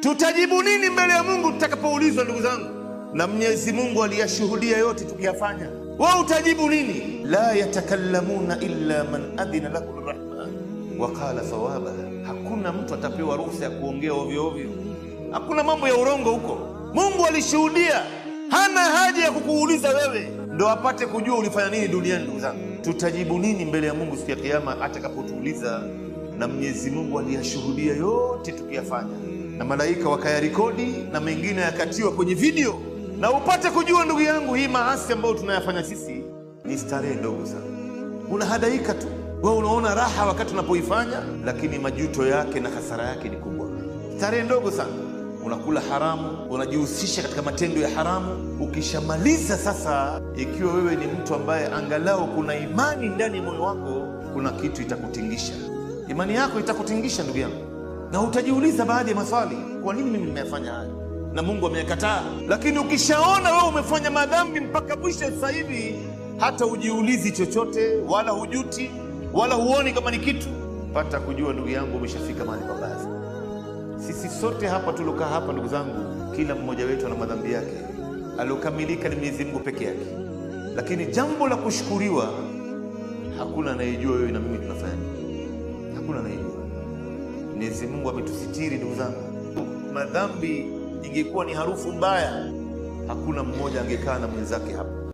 Tutajibu nini mbele ya Mungu tutakapoulizwa? Ndugu zangu, na Mwenyezi Mungu aliyashuhudia yote tukiyafanya, wa utajibu nini? La yatakallamuna illa man adhina lahu rahman wa qala sawaba, Hakuna mtu atapewa ruhusa ya kuongea ovyo ovyo, hakuna mambo ya urongo huko. Mungu alishuhudia, hana haja ya kukuuliza wewe ndo apate kujua ulifanya nini duniani. Ndugu zangu, tutajibu nini mbele ya Mungu siku ya Kiyama atakapotuuliza? Na Mwenyezi Mungu aliyashuhudia yote tukiyafanya na malaika wakayarekodi na mengine yakatiwa kwenye video, na upate kujua ndugu yangu, hii maasi ambayo tunayafanya sisi ni starehe ndogo sana, unahadaika tu wewe, unaona raha wakati unapoifanya, lakini majuto yake na hasara yake ni kubwa. Starehe ndogo sana, unakula haramu, unajihusisha katika matendo ya haramu. Ukishamaliza sasa, ikiwa wewe ni mtu ambaye angalau kuna imani ndani ya moyo wako, kuna kitu itakutingisha, imani yako itakutingisha ndugu yangu na utajiuliza baadhi ya maswali, kwa nini mimi nimeyafanya haya na Mungu ameyakataa? Lakini ukishaona wewe umefanya madhambi mpaka mwisho, sasa hivi hata hujiulizi chochote, wala hujuti, wala huoni kama ni kitu. Pata kujua ndugu yangu, umeshafika mahali pabaya. Sisi sote hapa tuliokaa hapa, ndugu zangu, kila mmoja wetu ana madhambi yake. Aliokamilika ni Mwenyezi Mungu peke yake, lakini jambo la kushukuriwa, hakuna anayejua wewe na mimi tunafanya, hakuna anayejua Mwenyezi Mungu ametusitiri ndugu zangu, madhambi ingekuwa ni harufu mbaya, hakuna mmoja angekaa na mwenzake hapa.